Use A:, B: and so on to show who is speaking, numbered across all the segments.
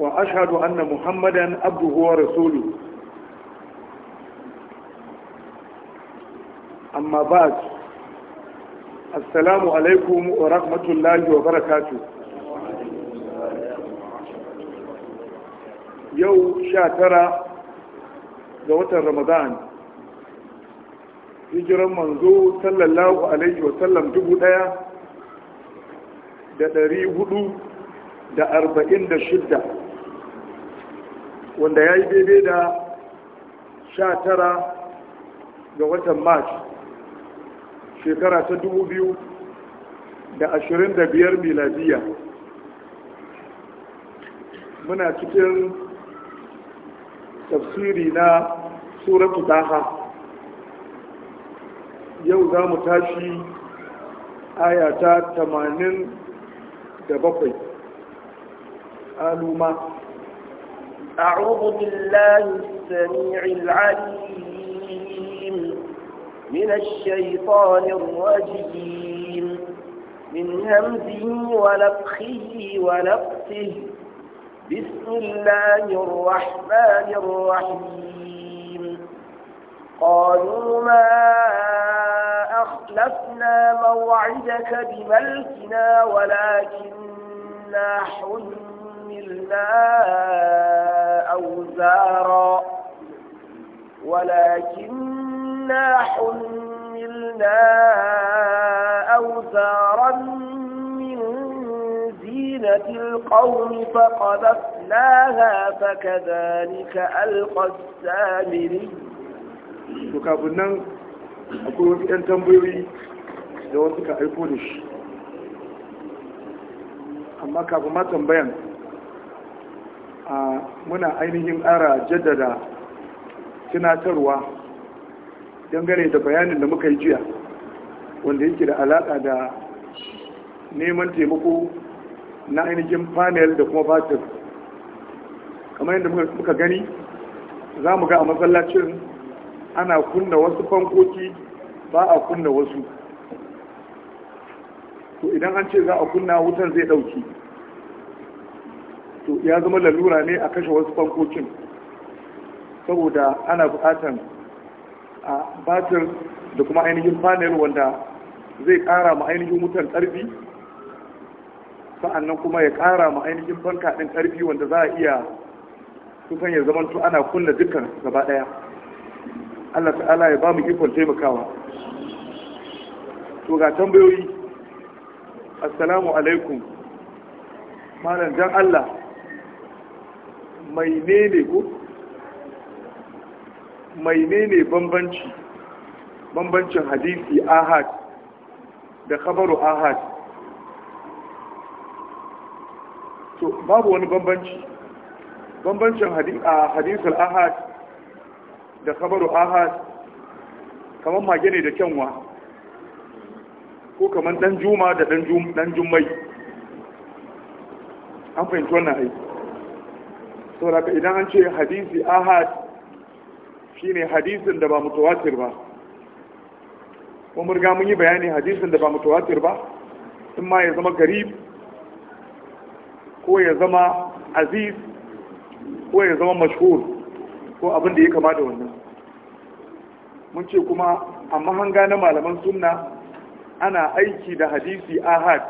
A: وأشهد أن محمدا عبده ورسوله أما بعد السلام عليكم ورحمة الله وبركاته يو شاترا زوات رمضان هجرا منذ صلى الله عليه وسلم جبوا da ɗari hudu da arba'in da shidda wanda ya yi daidai da sha tara ga watan march shekara ta dubu ashirin da biyar miladiya muna cikin tafsiri na suratu taha yau za mu tashi aya ta tamanin da bakwai
B: aluma أعوذ بالله السميع العليم من الشيطان الرجيم من همزه ونفخه ونفسه بسم الله الرحمن الرحيم قالوا ما أخلفنا موعدك بملكنا ولكننا حلنا إلا أوزارا ولكننا حملنا أوزارا من زينة القوم فقذفناها فكذلك ألقى السامري
A: وكابنان أقول في أن تنبوي da wasu ka aiko da shi amma kafin ma tambayan muna ainihin ara jaddada tunatarwa dangane da bayanin da muka yi jiya wanda yake da alaƙa da neman taimako na ainihin panel da kuma batir kamar yadda muka gani za mu ga a matsalacin ana kunna wasu fankoki ba a kunna wasu to idan an ce za a kunna wutan zai ɗauki to ya zama lalura ne a kashe wasu fankokin saboda ana bukatan a batir da kuma ainihin panel wanda zai ƙara ma ainihin wutan ƙarfi sa'annan kuma ya kara ma ainihin fanka ɗin ƙarfi wanda za a iya kusan ya zamanto ana kunna dukkan gaba ɗaya Allah ta'ala ya ba mu ikon taimakawa to ga tambayoyi assalamu alaikum malam dan Allah mai ne ko mai ne bambanci bambancin hadisi ahad da khabaru ahad to babu wani bambanci bambancin hadisar ahad da khabaru ahad kamar mage ne da kyanwa ko kamar dan juma da dan jummai an fahimci wannan aiki saboda idan an ce hadisi ahad shine hadisin da ba mutawatir ba kuma riga mun yi bayani hadisin da ba mutawatir ba in ma ya zama garib ko ya zama aziz ko ya zama mashhur ko abin da ya kama da wannan mun ce kuma a mahanga na malaman sunna ana aiki da hadisi ahad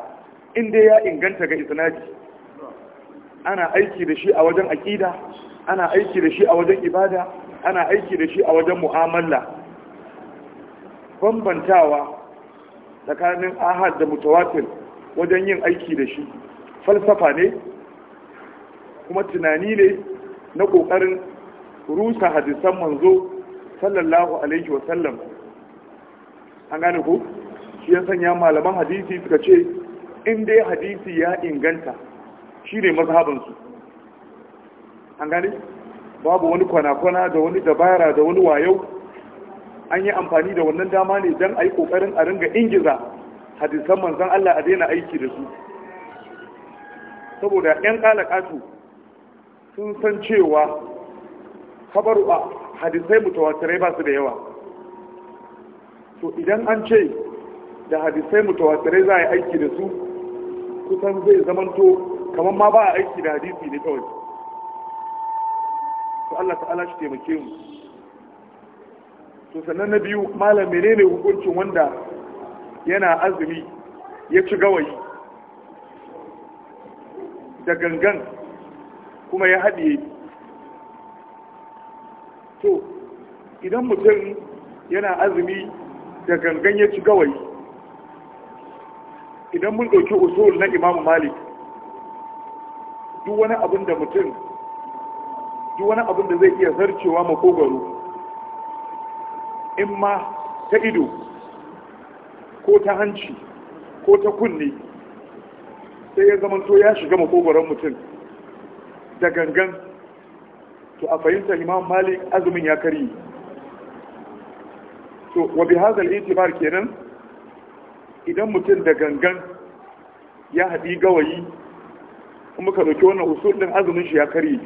A: inda ya inganta ga isnadi ana aiki da shi a wajen aƙida ana aiki da shi a wajen ibada ana aiki da shi a wajen mu'amala bambantawa tsakanin ahad da mutawatir wajen yin aiki da shi falsafa ne kuma tunani ne na ƙoƙarin rusa hadisan manzo sallallahu alaihi wasallam an gane ku shi ya sanya malaman hadisi suka ce in dai hadisi ya inganta shi ne mazhabansu an gani babu wani kwana-kwana da wani dabara da wani wayo an yi amfani da wannan dama ne don a yi ƙoƙarin a ringa ingiza hadisan manzan Allah a daina aiki da su saboda 'yan ƙalaƙatu sun san cewa kabaru a hadisai mutawatirai ba su da yawa to idan an ce da hadisai mutawatirai za a yi aiki da su kusan zai zamanto kamar ma ba a aiki da hadisi ne kawai to Allah ta'ala shi taimake mu to sannan na biyu malam menene hukuncin wanda yana azumi ya ci gawayi da gangan kuma ya haɗiye to idan mutum yana azumi da gangan ya ci gawayi idan mun ɗauki usul na imamu malik duk wani abin da mutum duk wani abin da zai iya zarcewa makogaro in ma ta ido ko ta hanci ko ta kunne sai ya zamanto ya shiga makogaron mutum da gangan to a fahimta imam malik azumin ya kari to wa bi hazal itibar kenan idan mutum da gangan ya haɗi gawayi Kuma muka dauki wannan usul din azumin shi ya karye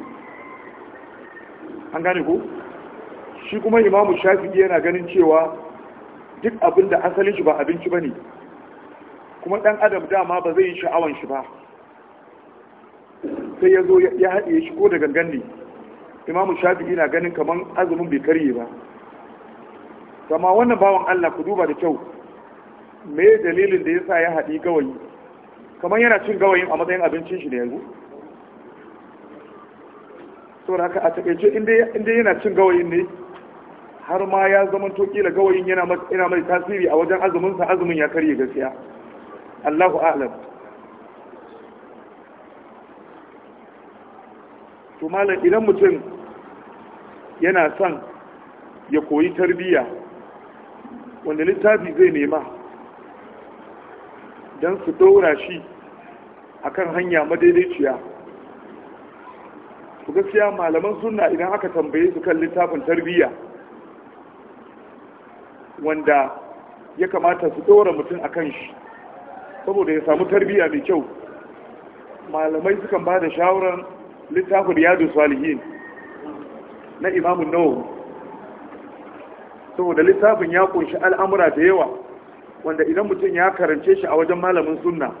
A: an gane ko shi kuma imamu shafi'i yana ganin cewa duk abin da asalin shi ba abinci bane kuma dan adam dama ba zai yi sha'awan shi ba sai ya zo ya haɗe shi ko da gangan ne imamu shafi'i yana ganin kamar azumin bai karye ba Sama wannan bawan allah ku duba da kyau me dalilin da yasa ya haɗi gawayi kamar yana cin gawayin a matsayin abincin shi da yanzu saboda haka a takaice inda yana cin gawayin ne har ma ya zama to kila gawayin yana mai tasiri a wajen azuminsa azumin ya karye gaskiya Allahu a'lam to malam idan mutum yana son ya koyi tarbiyya wanda littafi zai nema don su dora shi a kan hanya madaidaiciya ku gaskiya malaman suna idan aka tambaye su kan littafin tarbiyya wanda ya kamata su ɗora mutum a kan shi saboda ya samu tarbiyya mai kyau malamai sukan ba da shawarar littafin yadu salihin na imamun nawawi saboda littafin ya kunshi al'amura da yawa wanda idan mutum ya karance shi a wajen malamin sunna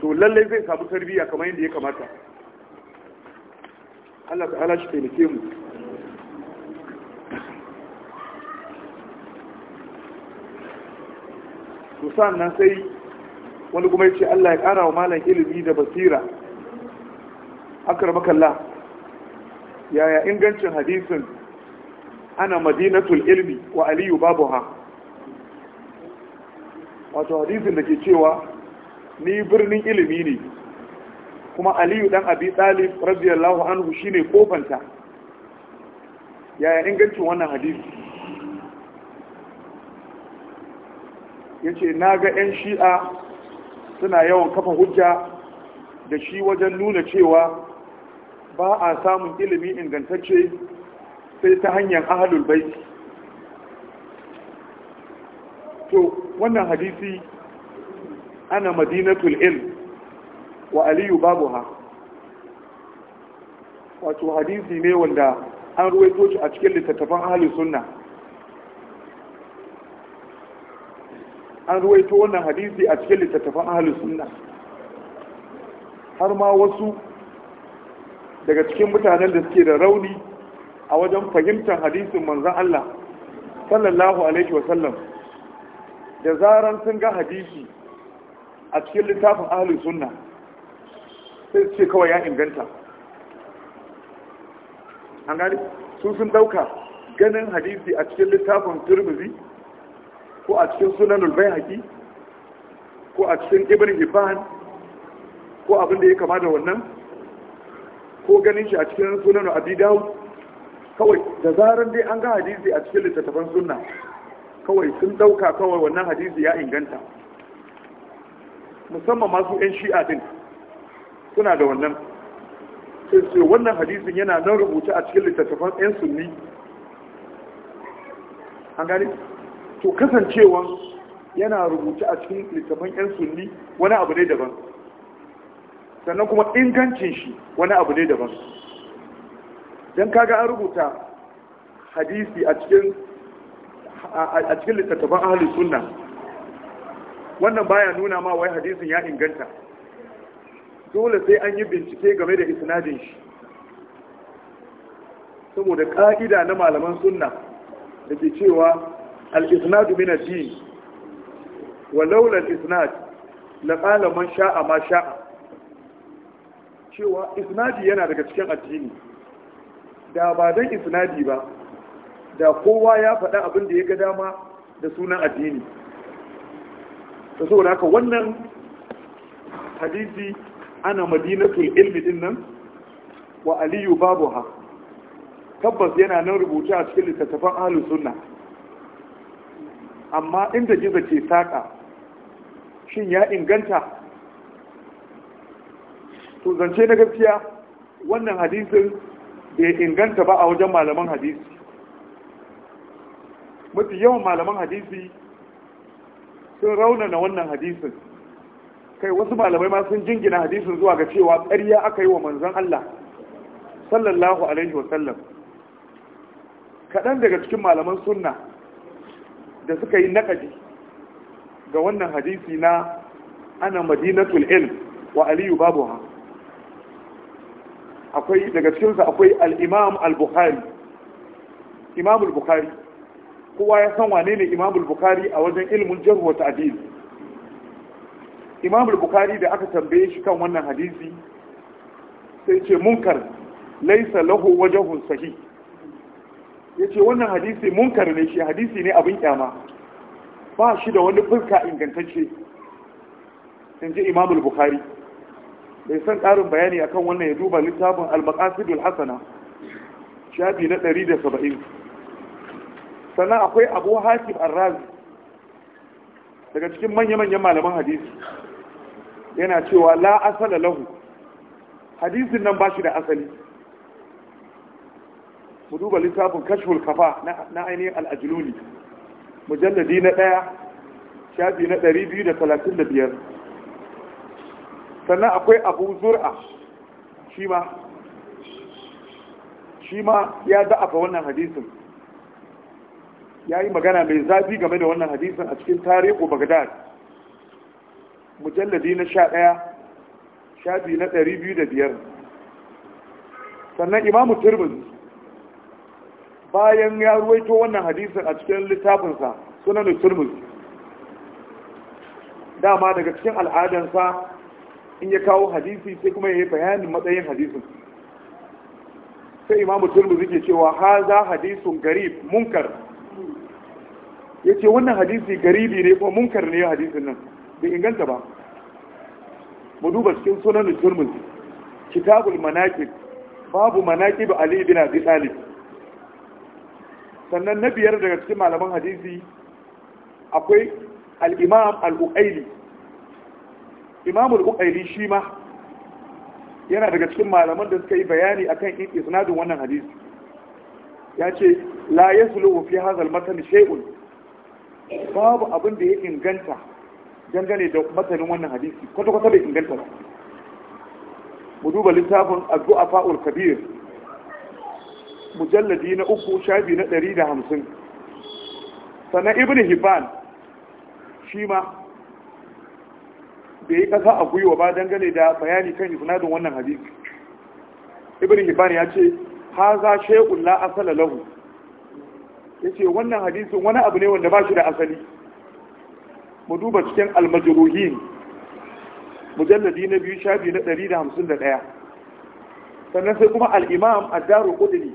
A: to lallai zai samu tarbiyya kamar yadda ya kamata Allah ta'ala shi taimake mu to sannan sai wani kuma ya ce Allah ya kara wa malam ilimi da basira akar kalla. yaya ingancin hadisin ana madinatul ilmi wa aliyu babu ha wato hadisin da ke cewa ni birnin ilimi ne kuma aliyu dan abi talib radiyallahu anhu shine kofanta yaya ingancin wannan hadisi yace na ga 'yan shi'a suna yawan kafa hujja da shi wajen nuna cewa ba a samun ilimi ingantacce sai ta hanyar ahalul baiti wannan hadisi ana madinatul ilm wa aliyu babu ha wato hadisi ne wanda an ruwaito shi a cikin littattafan ahli sunna an ruwaito wannan hadisi a cikin littattafan ahli sunna har ma wasu daga cikin mutanen da suke da rauni a wajen fahimtar hadisin manzan Allah sallallahu alaihi wasallam da zaran sun ga hadisi a cikin littafin ahalin sunna sai ce kawai ya inganta an gani su sun dauka ganin hadisi a cikin littafin turmizi ko a cikin sunanul bayhaqi ko a cikin ibn hibban ko abin da ya kama da wannan ko ganin shi a cikin sunanul abi dawud kawai da zaran dai an ga hadisi a cikin littattafan sunna kawai sun dauka kawai wannan hadisi ya inganta musamman masu 'yan shi'a din suna da wannan sai wannan hadisin yana nan rubuta a cikin littattafan 'yan sunni an gani to kasancewan yana rubuta a cikin littattafan 'yan sunni wani abu ne daban sannan kuma ingancin shi wani abu ne daban don kaga an rubuta hadisi a cikin a cikin littattafan ahalin sunna wannan baya nuna ma wai hadisin ya inganta dole sai an yi bincike game da isnadin shi saboda ka'ida na malaman sunna da ke cewa al-isnadu min ad-din wa laula al-isnad la qala man sha'a ma sha'a cewa isnadi yana daga cikin addini da ba dan isnadi ba da kowa ya faɗa abin da ya ga dama da sunan addini ta saboda haka wannan hadisi ana madinatul ilmi din nan wa aliyu babu ha tabbas yana nan rubuce a cikin littattafan ahlus sunna amma inda gizo ke saƙa shin ya inganta to zance na gaskiya wannan hadisin bai inganta ba a wajen malaman hadisi mafi yawan malaman hadisi sun raunana wannan hadisin kai wasu malamai ma sun jingina hadisin zuwa ga cewa ƙarya aka yi wa manzan Allah sallallahu alaihi wa sallam kaɗan daga cikin malaman sunna da suka yi naƙadi ga wannan hadisi na ana madinatul ilm wa aliyu babu ha akwai daga cikinsa akwai al-imam al-bukhari imam al-bukhari kowa ya san wane ne imam bukhari a wajen ilimin jarh wa ta'dil imam bukhari da aka tambaye shi kan wannan hadisi sai ce munkar laisa lahu wajhun sahih ce wannan hadisi munkar ne shi hadisi ne abin kyama ba shi da wani fuska ingantacce in ji imam bukhari bai san ƙarin bayani akan wannan ya duba littafin al-maqasidul hasana shafi na 170 sannan akwai abu hakim arrazi daga cikin manya-manyan malaman hadisi yana cewa la asala lahu hadisin nan ba shi da asali mu duba littafin kashful kafa na ainihin al'ajiluni mujalladi na ɗaya shafi na ɗari da da biyar sannan akwai abu zur'a shi ma shi ma ya wannan hadisin ya yi magana mai zafi game da wannan hadisan a cikin tarihu bagdad mujalladi na sha ɗaya shafi na dari biyu da biyar sannan imamu turmuzi bayan ya ruwaito wannan hadisin a cikin littafinsa sunan turmuzi dama daga cikin al'adansa in ya kawo hadisi sai kuma ya yi bayanin matsayin hadisin sai imamu turmuzi ke cewa haza za hadisun garib munkar ya ce wannan hadisi garibi ne ko munkar ne hadisin nan bai inganta ba mu duba cikin sunan Turmin, kitabul manaqib babu manaqib ali bin abi talib sannan na biyar daga cikin malaman hadisi akwai al-imam al-uqayli imam al-uqayli shi ma yana daga cikin malaman da suka yi bayani akan isnadin wannan hadisi ya ce la yasluhu fi hadha al-matan shay'un babu abin da ya inganta dangane da matsalin wannan hadisi kwata-kwata bai inganta ba mu duba littafin addu'a fa'ul kabir mujalladi na uku shafi na ɗari da hamsin sannan ibn hibban shi ma da ya ƙasa a gwiwa ba dangane da bayani kan isnadin wannan hadisi ibn hibban ya ce haza za la la'asala lahu yace wannan hadisin wani abu ne wanda ba shi da asali mu duba cikin al-majruhin mujalladi na biyu shafi na 151 sannan sai kuma al-imam ad-daru qudni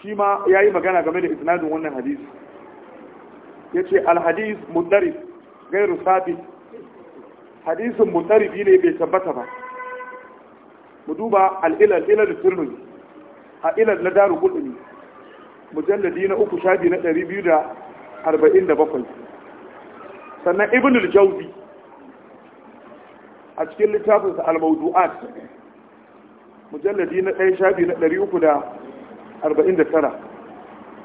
A: shi ma yayi magana game da isnadin wannan hadisi yace al-hadis mudarrif ghairu sabit hadisin mutarifi ne bai tabbata ba mu duba al-ilal ilal tirmidhi a ilal na daru qudni mujalladi na uku shafi na ɗari biyu da arba'in da bakwai sannan ibn al-jawzi a cikin littafinsa al-mawdu'at mujalladi na ɗaya shafi na ɗari uku da arba'in da tara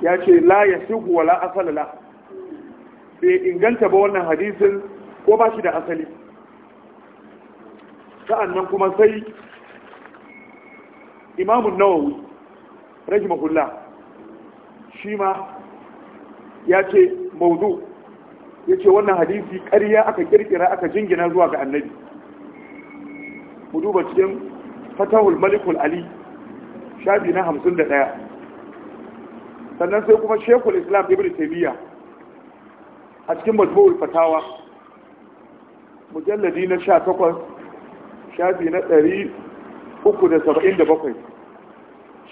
A: ya ce la ya sihu wa la asala la bai inganta ba wannan hadisin ko ba shi da asali sa'annan kuma sai imamun nawawi rahimahullah shi ma ya ce maudu ya ce wannan hadisi ƙarya aka kirkira aka jingina zuwa ga annabi mu duba cikin fatahul malikul ali shafi na hamsin da ɗaya sannan sai kuma shekul islam ibn taimiyya a cikin majmu'ul fatawa mujalladi na sha takwas shafi na ɗari uku da saba'in da bakwai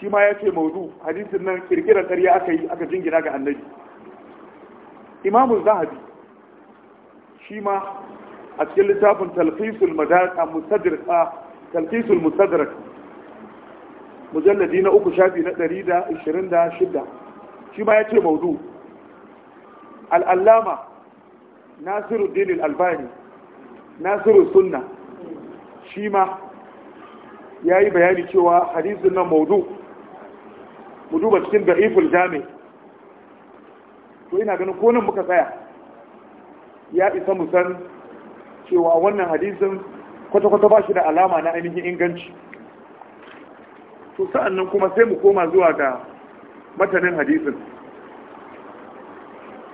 A: shi ma ya ce maudu hadisin nan kirkirar ƙarya aka yi aka jingina ga annabi imamu zahabi shi ma a cikin littafin talfisul musadirka mujalladi na uku shafi na 126 shi ma ya ce maudu al'allama nasiru dinin albani nasiru sunna shi ma ya yi bayani cewa hadisun nan maudu mu duba cikin iful jami to ina ganin ko nan muka tsaya ya isa mu san cewa wannan hadisin kwata-kwata ba shi da alama na ainihin inganci to sa'an nan kuma sai mu koma zuwa ga matanin hadisin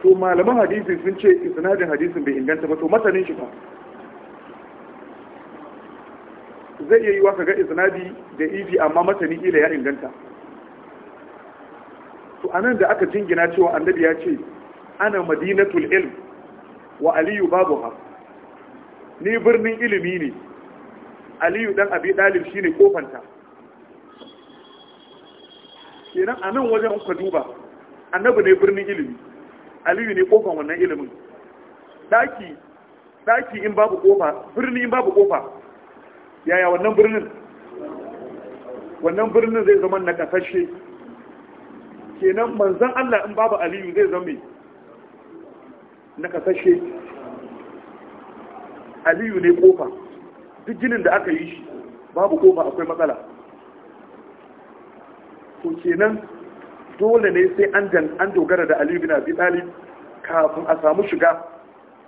A: to malaman hadisi sun ce isnadin hadisin bai inganta ba to matanin shi ba zai iya yi wa kaga isnadi da ifi amma matani ila ya inganta to anan da aka jingina cewa annabi ya ce ana madinatul ilm wa aliyu babuha ni birnin ilimi ne aliyu dan abi dalib shine kofanta kenan anan wajen ka duba annabi ne birnin ilimi aliyu ne kofan wannan ilimin daki daki in babu kofa birni in babu kofa yaya wannan birnin wannan birnin zai zama na kasashe. kenan manzan Allah in babu aliyu zai zama na kasashe aliyu ne kofa duk ginin da aka yi shi babu kofa akwai matsala to kenan dole ne sai an dogara da aliyu bin abi talib kafin a samu shiga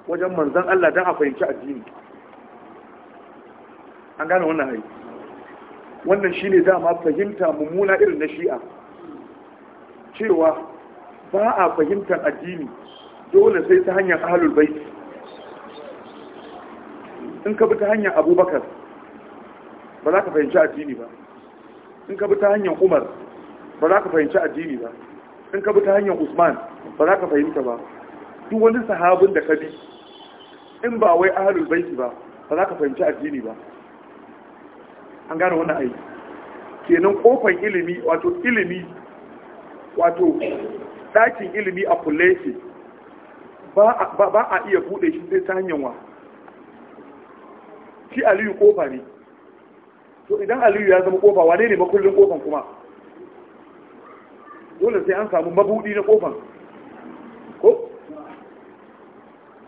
A: wajen manzan Allah don a fahimci addini an gane wannan hari wannan shine ne dama fahimta mummuna irin na shi'a cewa ba a fahimtar addini dole sai ta hanyar ahalul baiti in ka bi ta hanyar abubakar ba za ka fahimci addini ba in ka bi ta hanyar umar ba za ka fahimci addini ba in ka bi ta hanyar usman ba za ka fahimta ba duk wani sahabin da ka bi in ba wai ahalul baiti ba ba za ka fahimci addini ba an gane wannan aiki kenan kofar ilimi wato ilimi wato ɗakin ilimi a kulle ba a iya buɗe shi sai ta hanyar wa shi aliyu kofa ne to idan aliyu ya zama kofa wane ne makullin kofan kuma dole sai an samu mabuɗi na kofan ko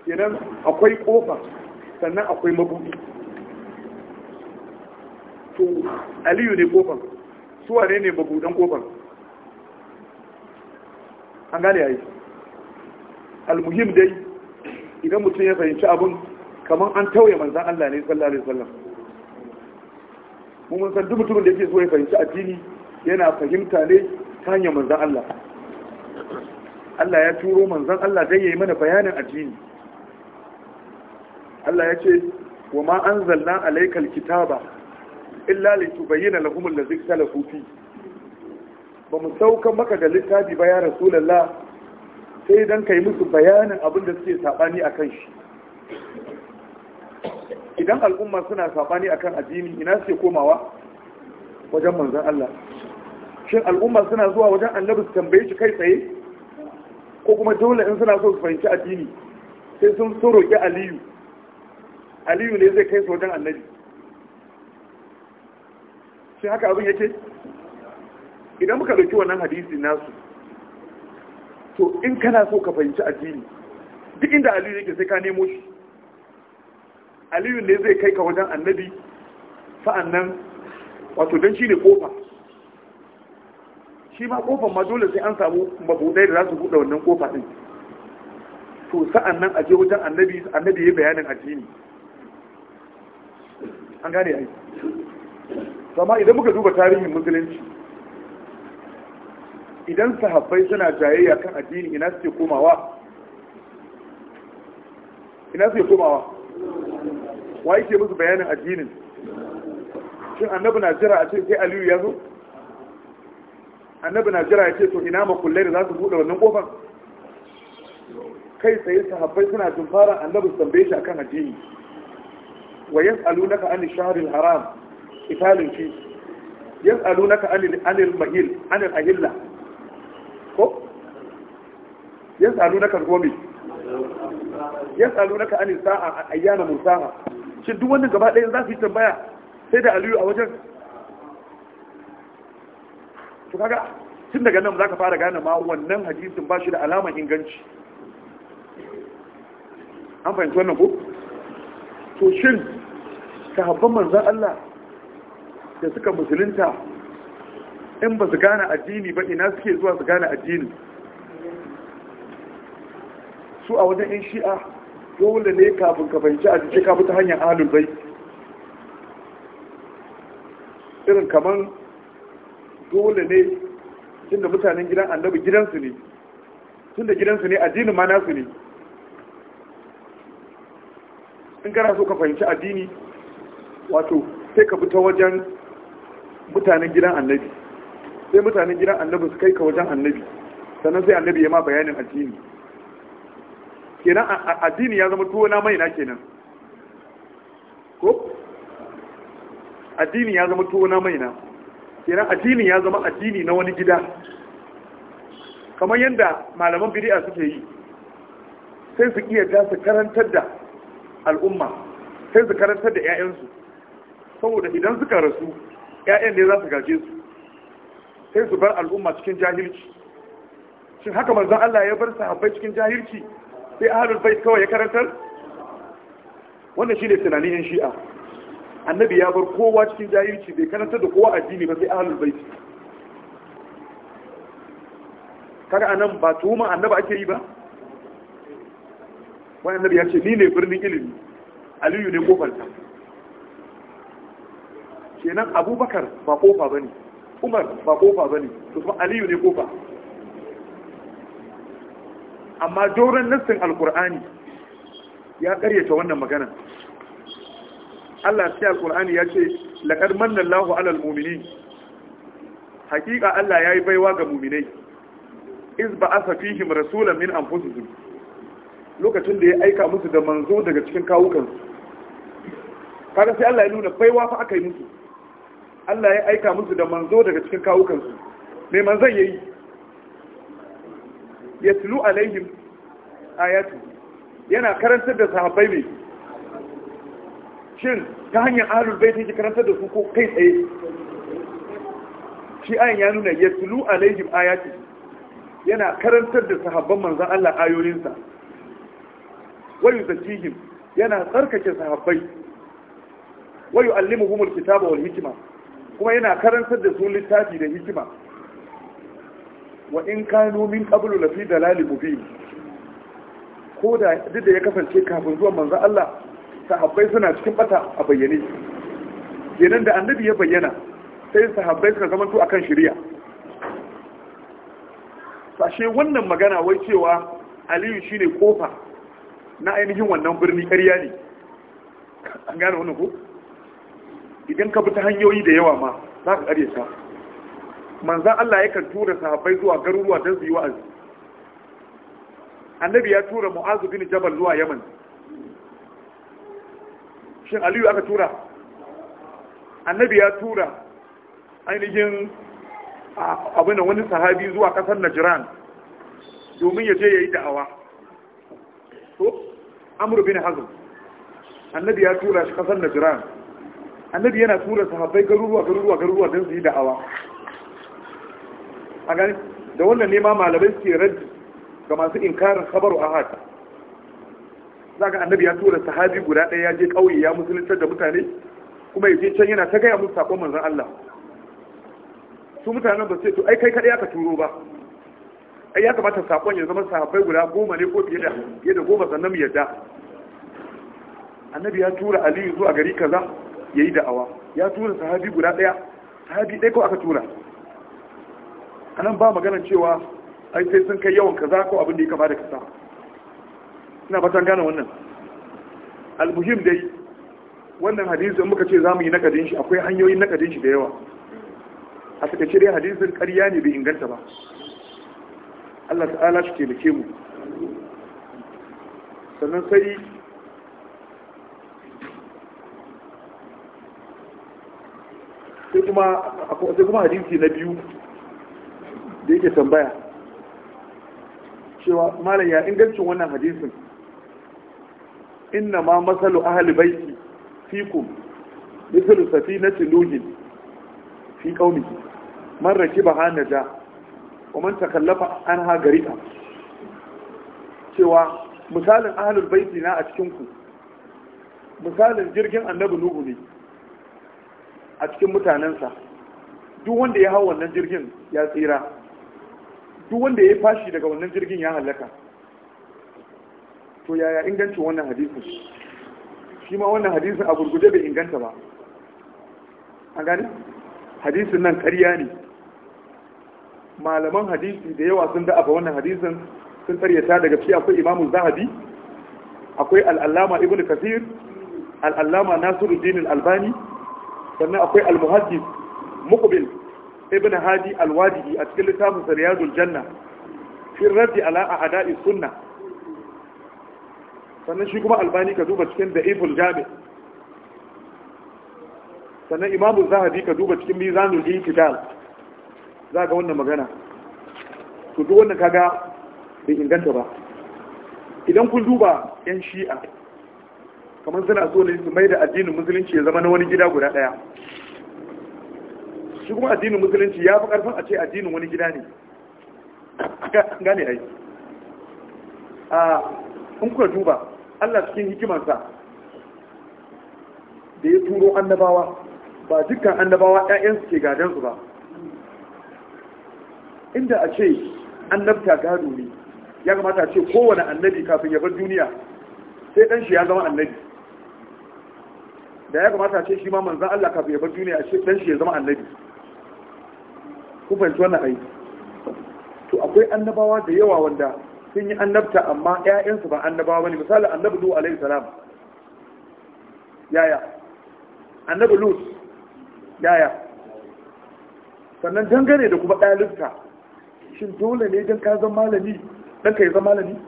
A: idan akwai kofa sannan akwai mabuɗi to aliyu ne kofan suwa ne ne mabuɗan kofan an gane yayi almuhim dai idan mutum ya fahimci abun kamar an tauye manzan Allah ne sallallahu alaihi wasallam mun san duk mutumin da yake so ya fahimci addini yana fahimta ne ta hanyar manzan Allah Allah ya turo manzan Allah dai yayi mana bayanin addini Allah ya ce wa ma anzalna alaykal kitaba illa litubayyana lahum allazi ikhtalafu fihi ba mu saukan maka da littafi ba ya rasulallah sai don ka yi musu bayanin abin da suke saɓani a kan shi idan al'umma suna saɓani a kan addini ina suke komawa wajen manzan Allah shin al'umma suna zuwa wajen annabi su tambaye shi kai tsaye ko kuma dole in suna so su fahimci addini sai sun so roƙi aliyu aliyu ne zai kai su wajen annabi shi haka abin yake idan muka ɗauki wannan hadisi nasu to in kana so ka fahimci addini duk inda aliyu yake sai ka nemo shi aliyu ne zai kai ka wajen annabi sa'annan wato don shi ne kofa shi ma kofan ma dole sai an samu mabudai da za su buɗe wannan kofa ɗin to sa'annan a je wajen annabi annabi ya bayanin addini an gane ai amma idan muka duba tarihin musulunci idan sahabbai suna jayayya kan addini ina suke komawa ina suke komawa wa yake musu bayanin addinin shin annabi na jira a ce sai aliyu ya zo annabi na jira ya ce to ina makullai da za su buɗe wannan kofar kai tsaye sahabbai suna jin fara annabi su tambaye shi akan addini wa yas'alunaka an shahril haram italin fi yas'alunaka an al mahil al ahilla ko ya tsalu na kan gome ya tsalu na ka anin sa'a a ayyana musaha shi duk wannan gaba ɗaya za su yi tambaya sai da aliyu a wajen to kaga tun daga nan za ka fara gane ma wannan hadisin ba shi da alamar inganci an fahimci wannan ko to shin ka sahabban manzan Allah da suka musulunta in ba su gane addini ba ina suke zuwa su gane addini su a wajen yan shi'a dole ne kafin ka fahimci a jike ka ta hanyar alul bai irin kamar dole ne tunda mutanen gidan annabi gidansu ne tunda gidansu ne addinin ma nasu ne in kana so ka fahimci addini wato sai ka bi ta wajen mutanen gidan annabi sai mutanen gidan annabi su kai ka wajen annabi sannan sai annabi ya ma bayanin addini kenan addini ya zama tuwo na maina kenan ko addini ya zama tuwo na maina kenan addini ya zama addini na wani gida kamar yadda malaman bid'a suke yi sai su iya ta su karantar da al'umma sai su karantar da 'ya'yansu saboda idan suka rasu 'ya'yan ne za su gaje su sai su bar al'umma cikin jahilci shin haka manzon Allah ya bar sahabbai cikin jahilci sai ahlul bait kawai ya karantar wannan shine tunanin yan shi'a annabi ya bar kowa cikin jahilci bai karantar da kowa addini ba sai ahlul bait kaga anan ba tuhuma annabi ake yi ba wannan annabi ya ce ni ne birnin ilimi aliyu ne kofarta kenan abubakar ba kofa ba ne umar ba kofa ba ne to kuma aliyu ne kofa amma doron nassin alkur'ani ya karyata wannan magana Allah sai alkur'ani ya ce laqad manna Allahu 'alal mu'minin hakika Allah ya yi baiwa ga mu'minai iz ba'atha fihim rasulan min anfusihim lokacin da ya aika musu da manzo daga cikin kawukansu kaga sai Allah ya nuna baiwa fa aka yi musu Allah ya aika musu da manzo daga cikin kawukansu mai ya yi? ya tulu alaihim ayatu yana karantar da sahabbai ne shin ta hanyar bai ta yi karantar da su ko kai tsaye shi ayin ya nuna ya tulu alaihim ayatu yana karantar da sahabban manzan Allah ayoyinsa wayu zakihim yana tsarkake sahabbai wayu allimuhumul kitaba wal hikima. kuma yana karantar da su littafi da hikima wa in kanu min qablu la fi dalal mubin ko da duk da ya kasance kafin zuwan manzo Allah sahabbai suna cikin bata a bayyane kenan da annabi ya bayyana sai sahabbai suka zama a akan shari'a sashe wannan magana wai cewa aliyu shine kofa na ainihin wannan birni ƙarya ne an gane wannan ko idan ka bi ta hanyoyi da yawa ma za ka ƙare ta manzan Allah ya kan tura sahabbai zuwa garuruwa don su yi wa'azi annabi ya tura mu'azu bin jabal zuwa yaman shin aliyu aka tura annabi ya tura ainihin abin da wani sahabi zuwa kasar najiran domin ya je ya yi da'awa so amur bin hazm annabi ya tura shi kasar najiran annabi yana tura sahabbai garuruwa garuruwa garuruwa don su yi da'awa a gani da wannan nema malamai suke raddi ga masu inkarin khabaru haka za ka annabi ya tura sahabi guda ɗaya ya je ƙauye ya musulunta da mutane kuma ya je can yana ta gaya musu sakon manzan Allah su mutanen ba sai to ai kai kaɗai aka turo ba ai ya kamata sakon ya zama sahabbai guda goma ne ko fiye da fiye da goma sannan mu yadda annabi ya tura aliyu zuwa gari kaza ya yi da'awa ya tura sahabi guda ɗaya sahabi ɗaya ko aka tura anan ba maganar cewa ai sai sun kai yawan kaza ko abin da ya kama da kasa ina tan gane wannan almuhim dai wannan hadisin muka ce zamu mu yi nakadin shi akwai hanyoyin nakadin shi da yawa a takaice dai hadisin ƙarya ne bai inganta ba Allah ta'ala shi taimake mu sannan sai sai kuma hadisi na biyu da yake tambaya cewa malam ya ingancin wannan hadisin inna ma masalu ahli baiti fikum misalu safinati luhin fi qaumi man rakiba hanaja wa man takallafa anha gari'a cewa misalin ahlul baiti na a cikin ku misalin jirgin annabi nuhu ne a cikin mutanensa duk wanda ya hau wannan jirgin ya tsira duk wanda ya fashi daga wannan jirgin ya halaka to yaya ingancin wannan hadisin shi ma wannan hadisin a gurguje bai inganta ba A gani hadisin nan karya ne malaman hadisi da yawa sun da'afa wannan hadisin sun karyata daga ciki akwai imamun zahabi akwai al'allama ibn kasir al'allama dinin albani sannan akwai al-muhaddis muqbil ibn hadi al-wadihi a cikin littafin sa riyadul janna fi raddi ala a'da'i sunna sannan shi kuma albani ka duba cikin da'iful jami sannan imamu zahabi ka duba cikin mizanul itidal za ga wannan magana to duk wannan kaga bai inganta ba idan kun duba yan shi'a kamar suna so ne su mai da addinin musulunci ya zama na wani gida guda ɗaya shi kuma addinin musulunci ya fi ƙarfin a ce addinin wani gida ne gane ai a in kuka duba allah cikin hikimarsa da ya turo annabawa ba dukkan annabawa 'ya'yansu ke gadansu ba inda a ce annabta gado ne ya kamata a ce kowane annabi kafin ya bar duniya sai ɗanshi ya zama annabi da ya kamata ce shi ma manzan Allah kafin ya bar duniya a dan shi ya zama annabi ku fahimci wannan ai to akwai annabawa da yawa wanda sun yi annabta amma ƴaƴansu ba annabawa bane misali annabi Nuhu alaihi salam yaya annabi Lut yaya sannan dangane da kuma ɗalibta shin dole ne don ka zama malami dan ka yi zama malami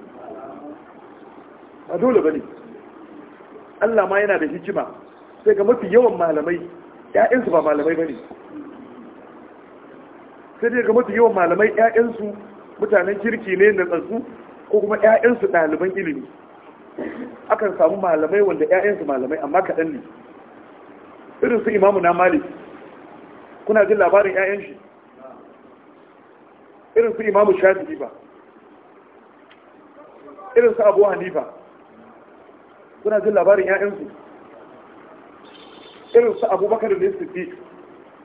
A: ba dole bane. Allah ma yana da hikima sai ga mafi yawan malamai ‘ya'yansu ba malamai ba ne sai dai ga mafi yawan malamai ‘ya'yansu mutanen kirki ne na tsatsu ko kuma ‘ya'yansu ɗaliban ilimi akan samu malamai wanda ‘ya'yansu malamai amma kaɗan ne irin su imamu na malik kuna jin labarin ‘ya'yan shi irin su imamu shafi ba irin su abu hanifa kuna jin labarin ‘ya'yansu irin su abubakar da fi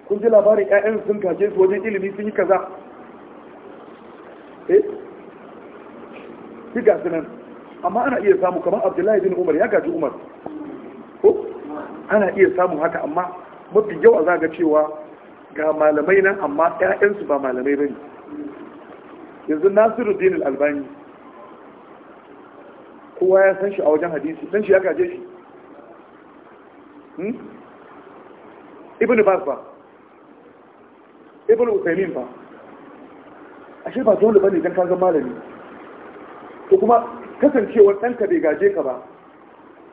A: kun ji labarin ƴaƴan sun gaje su wajen ilimi sun yi kaza eh shi gasu nan. amma ana iya samu kamar abdullahi bin umar ya gaji umar ko ana iya samu haka amma mafi yau a zaga cewa ga malamai nan amma su ba malamai bane yanzu nasiru din al-albani kowa ya san shi a wajen hadisi dan shi ya gaje shi hmm? ibn bas ba ibn usaimin ba ashe ba dole bane ne don ga malami to kuma kasancewar ɗanka bai gaje ka ba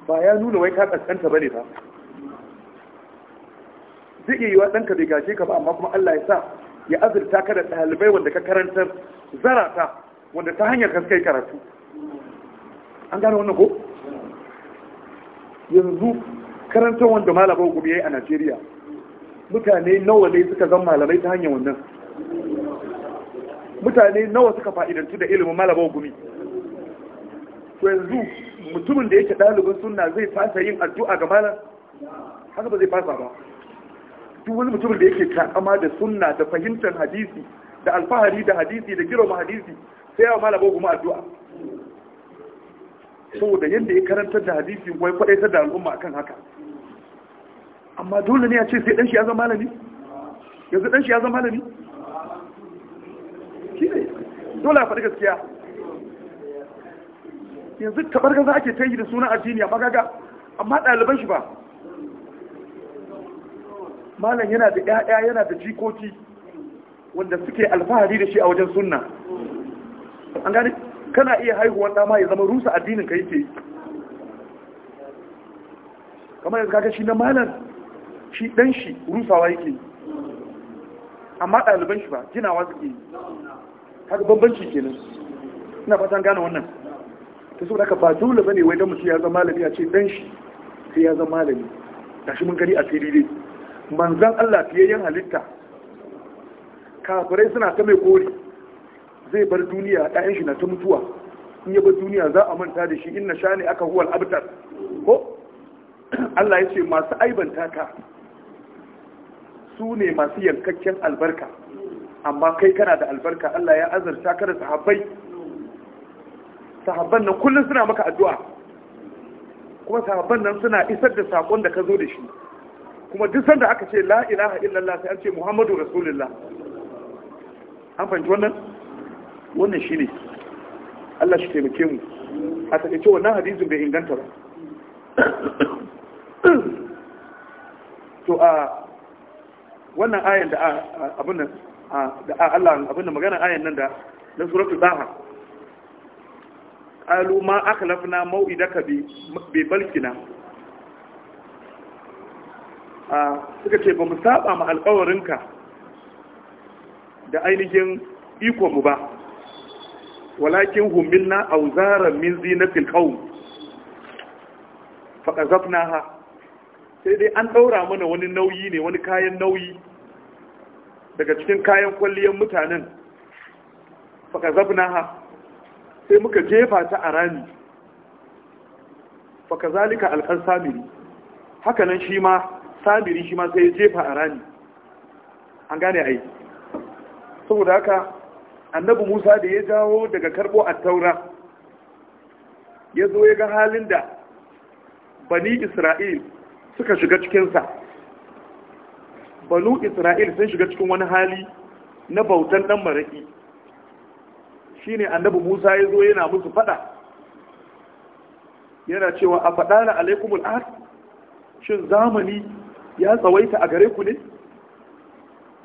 A: ba ya nuna wai ka kaskanta bane ba zai iya yiwa ɗanka bai gaje ka ba amma kuma Allah ya sa ya azurta ka da ɗalibai wanda ka karantar zarata wanda ta hanyar ka kai karatu an gane wannan ko yanzu karantar wanda malaba gobe a Najeriya mutane nawa ne suka zama malamai ta hanyar wannan mutane nawa suka fa'idantu da ilimin malama gumi to yanzu mutumin da yake dalibin suna zai fasa yin addu'a ga malam haka ba zai fasa ba duk wani mutumin da yake takama da suna da fahimtar hadisi da alfahari da hadisi da girma hadisi sai yawa malama gumi addu'a saboda yadda ya karanta da hadisi wai kwaɗaitar da al'umma akan haka amma dole ne a ce sai dan shi ya zama malami yanzu dan shi ya zama malami shi ne dole a faɗi gaskiya yanzu tabar gaza ake ta yi da suna addini amma gaga amma ɗaliban shi ba malam yana da ƴaƴa yana da jikoki wanda suke alfahari da shi a wajen sunna an gani kana iya haihuwan dama ya zama rusa addinin ka yake kamar yanzu kaga shi na malam shi dan shi rusawa yake amma ɗaliban shi ba ginawa suke yi Haka bambanci kenan ina fatan gane wannan ta saboda ka ba dole ne wai don mutu ya zama malami a ce dan shi sai ya zama malami shi mun gani a fili dai manzan Allah fiye yan halitta kafirai suna ta mai kori zai bar duniya ɗayan shi na ta mutuwa in ya bar duniya za a manta da shi inna ne aka huwal abtar ko Allah ya ce masu aibanta ka su ne masu yankakken albarka amma kai kana da albarka Allah ya azarta ka da sahabbai sahabban nan kullum suna maka addu'a kuma sahabban nan suna isar da sakon da ka zo da shi kuma duk sanda aka ce la ilaha illallah sai an ce muhammadu rasulullah an fahimci wannan wannan shine Allah shi taimake mu a takaice wannan hadisin bai inganta ba to a wannan ayan da abin nan da Allah abin nan magana ayan nan da na suratul daha qalu ma akhlafna mau'idaka bi bi balkina a suka ce ba mu saba ma alƙawarinka da ainihin iko mu ba walakin humminna auzaran min zinatil qawm fa qazafnaha sai dai an ɗaura mana wani nauyi ne wani kayan nauyi daga cikin kayan kwalliyar mutanen faka zabnaha sai muka jefa ta a rami faka zalika alkan samiri hakanan shi ma samiri shi ma sai ya jefa a rami an gane yi saboda haka annabi musa da ya jawo daga karbo a taura ya zo ya ga halin da bani isra'il suka shiga cikinsa banu isra'il sun shiga cikin wani hali na bautan dan maraki shine annabi musa ya zo yana musu fada yana cewa a faɗa na alaikumul ahad shin zamani ya tsawaita a gare ku ne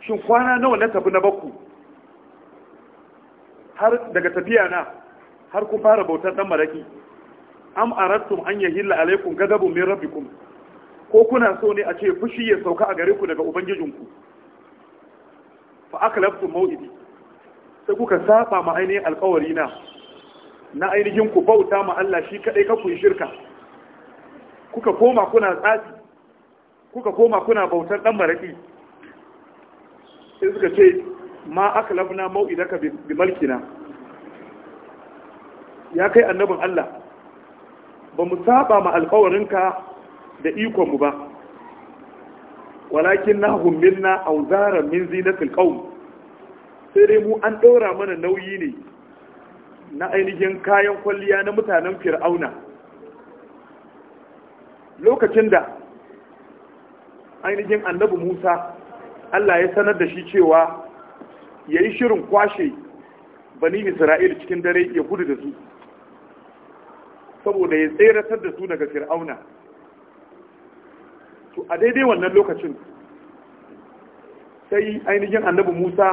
A: shin kwana nawa na tafi na bakku har daga tafiya na har ku fara bautar dan maraki am aratum an yahilla alaikum gadabun min rabbikum ko kuna so ne a ce fushi ya sauka a gare ku daga ubangijinku fa akalabtu mau'idi sai kuka saba ma ainihin alkawari na na ainihin ku bauta ma Allah shi kadai ka ku yi shirka kuka koma kuna tsati kuka koma kuna bautar dan maraki sai suka ce ma akalabna mau'idaka bi malkina ya kai annabin Allah ba mu saba ma alkawarinka da ikonmu ba walakin na humminna auzaran min zinatul qaum sai dai mu an ɗora mana nauyi ne na ainihin kayan kwalliya na mutanen fir'auna lokacin da ainihin annabi musa allah ya sanar da shi cewa ya yi shirin kwashe bani isra'il cikin dare ya gudu da su saboda ya tseratar da su daga fir'auna to a daidai wannan lokacin sai ainihin annabi musa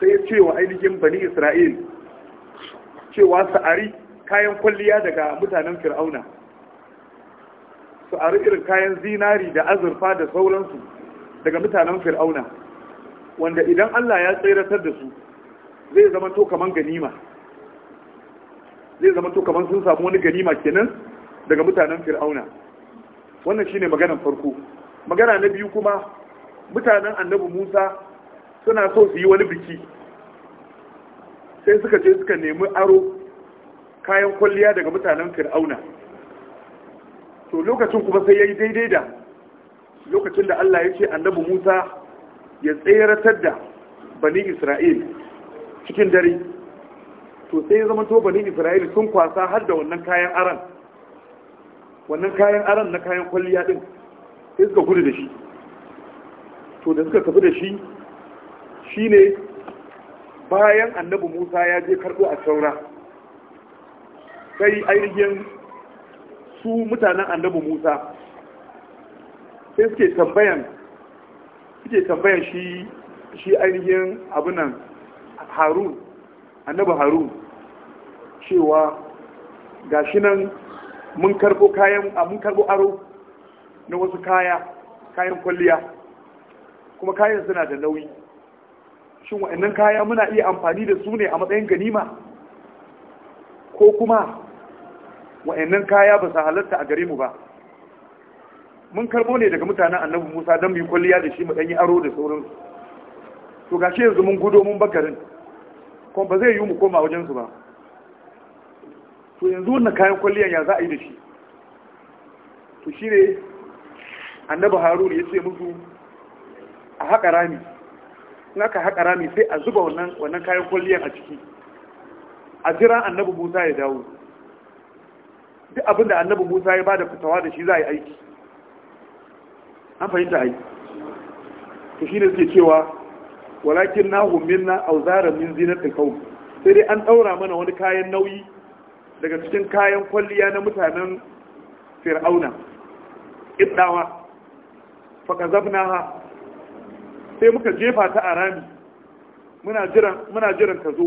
A: sai ya ainihin bani isra'il cewa ari kayan kwalliya daga mutanen fir'auna sa'ari irin kayan zinari da azurfa da sauransu daga mutanen fir'auna wanda idan allah ya tseratar da su zai zama to kaman ganima zai zama to kaman sun samu wani ganima kenan daga mutanen fir'auna wannan shine maganar farko magana na biyu kuma mutanen annabi musa suna so su yi wani biki sai suka je suka nemi aro kayan kwalliya daga mutanen fir'auna to lokacin kuma sai ya yi daidai da lokacin da allah ya ce annabi musa ya tseratar da bani isra'il cikin dare to sai ya zama to bani isra'il sun kwasa har da wannan kayan aran wannan kayan aran na kayan kwalliya din sai suka gudu da shi to da suka tafi da shi shine bayan annabi musa ya je karɓo a saura sai ainihin su mutanen annabi musa sai suke tambayan suke tambayan shi shi ainihin abinan harun annabi harun cewa gashi nan mun karbo kayan a mun karbo aro na wasu kaya kayan kwalliya kuma kayan suna da nauyi shin wa'annan kaya muna iya amfani da su ne a matsayin ganima ko kuma wa'annan kaya ba su halatta a gare mu ba mun karbo ne daga mutanen annabi musa don yi kwalliya da shi mu aro da sauransu to gashi yanzu mun gudo mun bakarin kuma ba zai yi mu koma wajensu ba to yanzu wannan kayan kwalliyan ya za a yi da shi to shi ne annaba harun ya ce musu a haƙa rami in aka haƙa rami sai a zuba wannan kayan kwalliyan a ciki a jira annaba musa ya dawo duk abin da annaba musa ya ba da fitawa da shi za a yi aiki an fahimta aiki to shi ne suke cewa walakin na hummin na auzara min zinar da kawo sai dai an ɗaura mana wani kayan nauyi daga cikin kayan kwalliya na mutanen fir'auna iddawa ha sai muka jefa ta a rami muna jiran ka zo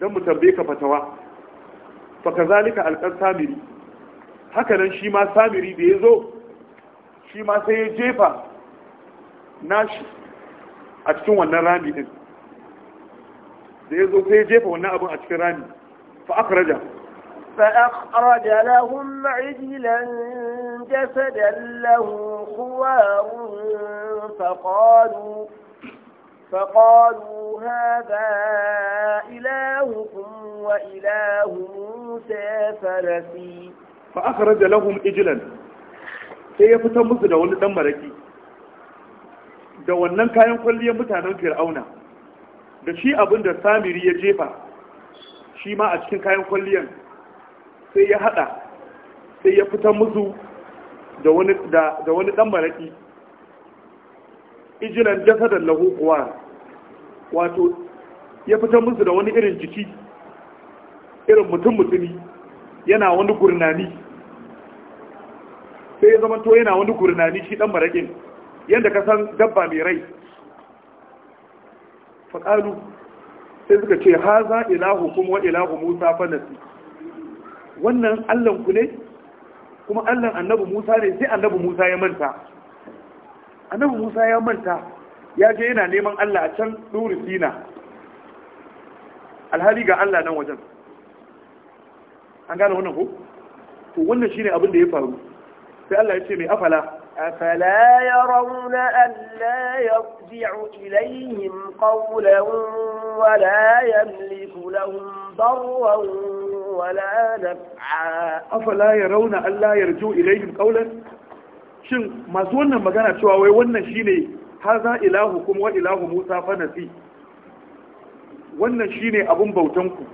A: don mu tambaye ka fatawa Faka zalika alƙar samiri hakanan shi ma samiri da ya zo shi ma sai ya jefa nashi a cikin wannan rami din da ya zo sai ya jefa wannan abin a cikin rami fa aka raja
B: فأخرج لهم عجلا جسدا له خوار فقالوا فقالوا هذا إلهكم وإله موسى فنسي فأخرج
A: لهم إجلا sai ya fitar musu da wani ɗan maraki da wannan kayan kwalliyar mutanen fir'auna da shi abin da samiri ya jefa shi ma a cikin kayan kwalliyar sai ya hada sai ya fita musu da wani da wani dan maraki ijilan jasadan lahu kuwa wato ya fita musu da wani irin jiki irin mutum mutumi yana wani gurnani sai ya zama to yana wani gurnani shi dan marakin yadda ka san dabba mai rai faƙalu sai suka ce haza ilahu kuma wa ilahu musa fa nasi wannan allan ku ne kuma allan annabi musa ne sai annabi musa ya manta annabi musa ya manta ya je yana neman allah a can duri sina alhali ga allah nan wajen an gane wannan ko to wannan shine abin da ya faru sai allah ya ce mai afala أفلا
B: يرون ألا يرجع إليهم قولا ولا يملك لهم ضرا wala naf'a afala yarawna
A: alla yarju ilayhim qawlan shin masu wannan magana cewa wai wannan shine haza ilahu kuma wa ilahu musa fa nasi wannan shine abun bautan ku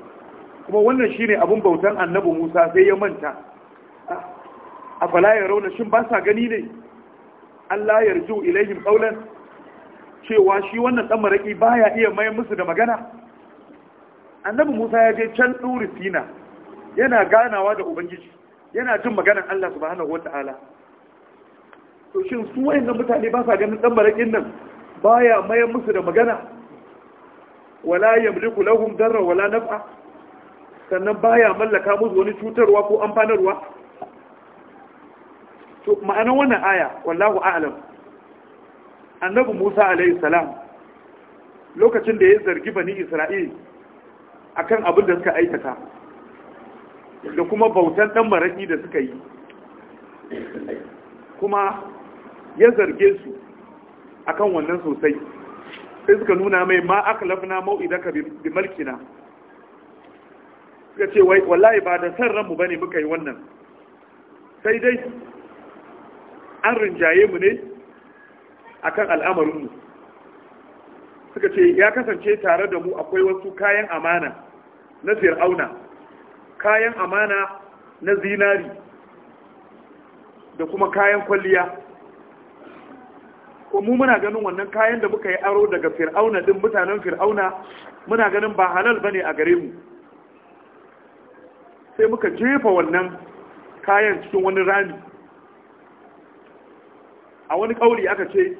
A: kuma wannan shine abun bautan annabi musa sai ya manta afala yarawna shin ba sa gani ne alla yarju ilayhim qawlan cewa shi wannan dan maraki baya iya mai musu da magana annabi musa ya je can ɗuri sina yana ganawa da ubangiji yana jin magana Allah subhanahu wata'ala to shin su wayannan mutane ba sa ganin dan barakin nan baya mayar musu da magana wala yamliku lahum darra wala naf'a sannan baya mallaka musu wani cutarwa ko amfanarwa to ma'anar wannan aya wallahu a'lam annabi Musa alayhi salam lokacin da ya zargi bani Isra'il akan abin da suka aikata da kuma bautan ɗan maraƙi da suka yi kuma ya zarge su akan wannan sosai sai suka nuna mai ma aka lafina ma'idaka bi malkina suka ce wallahi ba da san ranmu ba ne muka yi wannan sai dai an rinjaye mu ne akan al'amarinmu suka ce ya kasance tare da mu akwai wasu kayan amana na fir'auna kayan amana na zinari da kuma kayan kwalliya mu muna ganin wannan kayan da muka yi aro daga fir'auna din mutanen fir'auna muna ganin ba halal bane a gare mu sai muka jefa wannan kayan cikin wani rami a wani ƙauri aka ce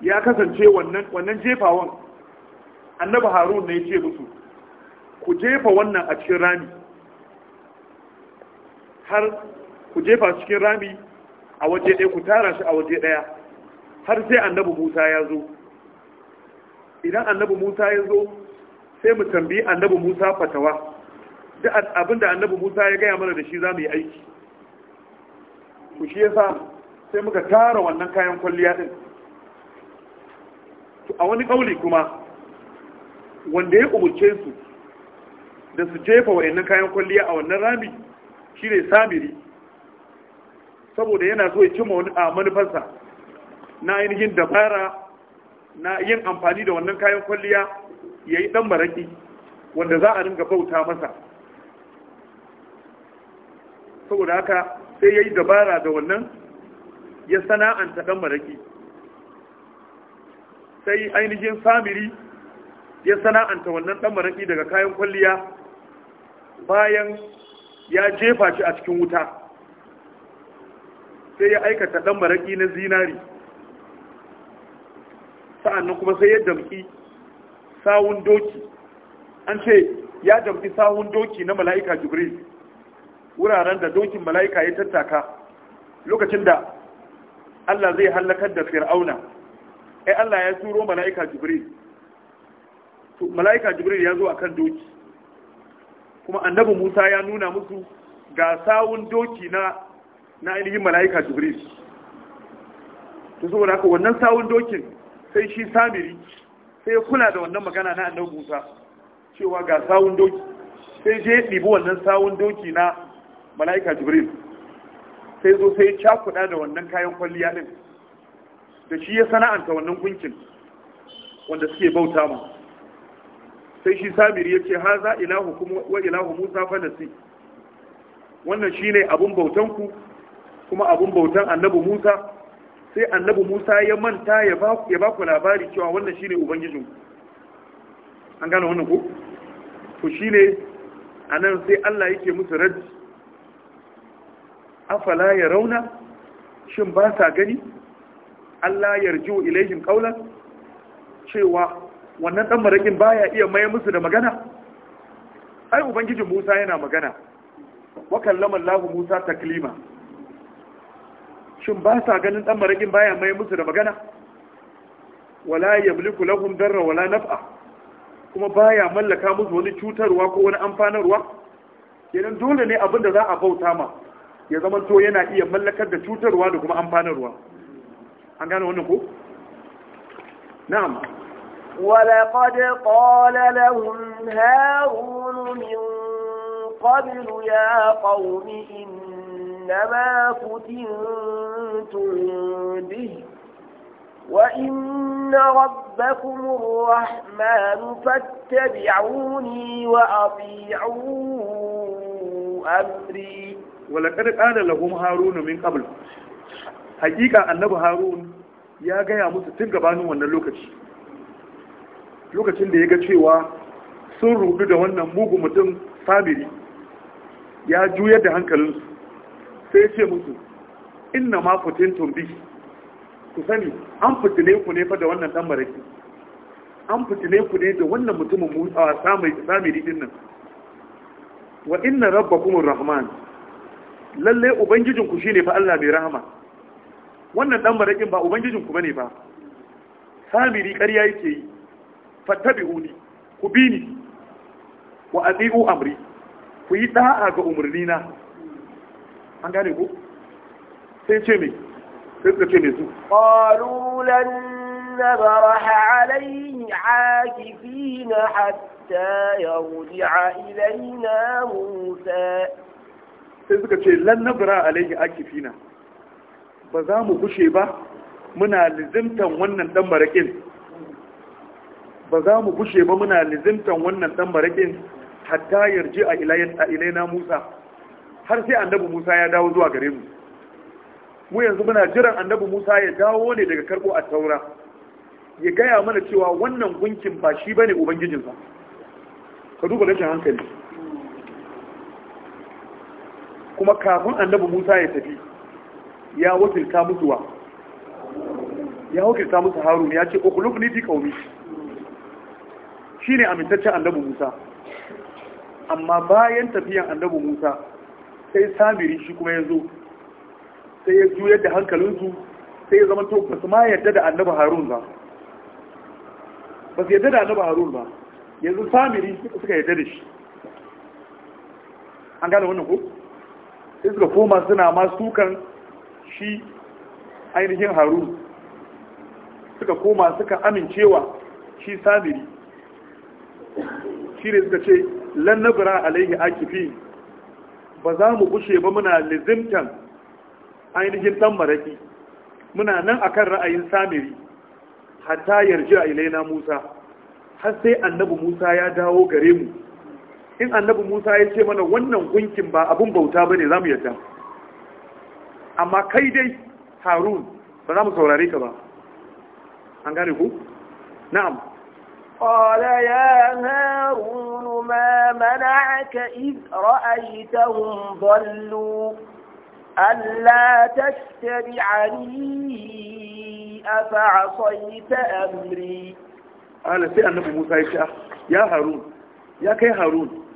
A: ya kasance wannan wannan jefawan annabi harun ne ya ce musu ku jefa wannan a cikin rami har ku jefa cikin rami a waje ɗaya ku tara shi a waje ɗaya har sai annabi musa ya zo idan annabi musa ya zo sai mu tambayi annabi musa fatawa duk abinda annabi musa ya gaya mana da shi za mu yi aiki ku shi yasa sai muka tara wannan kayan kwalliya din a wani kauli kuma wanda ya umurce su da su jefa wa'annan kayan kwalliya a wannan rami shi ne samiri saboda yana so ya cimma wani a manufarsa na ainihin dabara na yin amfani da wannan kayan kwalliya ya yi ɗan maraƙi wanda za a ringa bauta masa saboda haka sai ya yi dabara da wannan ya sana'anta ɗan maraƙi sai ainihin samiri ya sana'anta wannan ɗan maraƙi daga kayan kwalliya bayan ya jefa shi a cikin wuta sai ya aikata ɗan maraƙi na zinari sa'annan kuma sai ya damki sawun doki an ce ya damki sawun doki na mala'ika jibril wuraren da dokin mala'ika ya tattaka lokacin da allah zai hallakar da fir'auna ai allah ya turo mala'ika jibril mala'ika jibril ya zo a kan doki kuma annabi Musa ya nuna musu ga sawun doki na na ainihin mala'ika Jibril to saboda haka wannan sawun dokin sai shi Samiri sai kula da wannan magana na annabi Musa cewa ga sawun doki sai je dibo wannan sawun doki na mala'ika Jibril sai zo sai cakuɗa da wannan kayan kwalliya din da shi ya sana'anta wannan gunkin wanda suke bauta mu sai shi samir ya ce haza ilahu kuma wa ilahu musa falasi wannan shine abun bautan ku kuma abun bautan annabi musa sai annabi musa ya manta ya ba ku labari cewa wannan shine ubangijin an gane wannan ku to shine anan sai Allah yake musu raddi afala ya rauna shin ba sa gani Allah yarju ilaihim qawlan cewa wannan ɗan marakin baya iya maye musu da magana ai Ubangijin Musa yana magana wa kallama Allah Musa kilima. shin ba sa ganin ɗan marakin baya maye musu da magana wala kula lahum darra wala naf'a kuma baya mallaka musu wani cutarwa ko wani amfanarwa kenan dole ne abinda za a bauta ma ya zama to yana iya mallakar da cutarwa da kuma amfanarwa an gane wannan ko
B: na'am ولقد قال لهم هارون من قبل يا قوم إنما فتنتم به وإن ربكم الرحمن فاتبعوني وأطيعوا أمري
A: ولقد قال لهم هارون من قبل حقيقة أنه هارون يا جاي أمس تنقبانه من اللوكتي lokacin da ya ga cewa sun rudu da wannan mugu mutum samiri ya juyar da hankalinsu sai ce musu inna ma tun bi ku sani an fitile ku ne fa da wannan dan maraki an fitile ku ne da wannan mutumin mu samai samiri din nan wa inna rabbakum arrahman lalle ubangijin ku shine fa Allah mai rahama wannan dan marakin ba ubangijin ku bane fa samiri ƙarya yake yi fattabi'uni ku bi ni wa adi'u amri ku yi da'a ga umarnina. an gane ku sai ce me sai suka ce me su
B: qalu lan nabraha alayhi akifina hatta yarji'a ilaina musa
A: sai suka ce lan nabra alayhi akifina ba za mu kushe ba muna lizimtan wannan dan marakin ba za mu bushe ba muna lizimtan wannan dan marakin hatta yarji a ilaina Musa har sai annabi Musa ya dawo zuwa gare mu mu yanzu muna jiran annabi Musa ya dawo ne daga karbo a taura ya gaya mana cewa wannan gunkin ba shi bane ubangijinsa ka duba rashin hankali kuma kafin annabi Musa ya tafi ya wakilta musuwa ya wakilta musu Harun ya ce ni fi kaumi Shi ne amintaccen annabi Musa amma bayan tafiyan annabi Musa sai Samiri shi kuma ya zo sai ya juyar da hankalinsu sai ya zama to ba su ma yadda da annabi Harun ba ba su yadda da annabi Harun ba yanzu Samiri suka yadda da shi an gane wannan ko sai suka koma suna masu sukan shi ainihin Harun suka koma suka amincewa shi Samiri ne suka ce lan alaihi akifi ba za mu bushe ba muna lizimtan ainihin dan maraki muna nan akan ra'ayin samiri hatta yarji a ilaina musa har sai annabi musa ya dawo gare mu in annabi musa ya ce mana wannan gunkin ba abin bauta ba ne za mu yarda amma kai dai harun ba za mu saurare ka ba an gane ku
B: na'am قال يا هارون ما منعك إذ رأيتهم ضلوا ألا تتبعني أفعصيت أمري
A: قال سي النبي موسى يشاء يا هارون يا كي هارون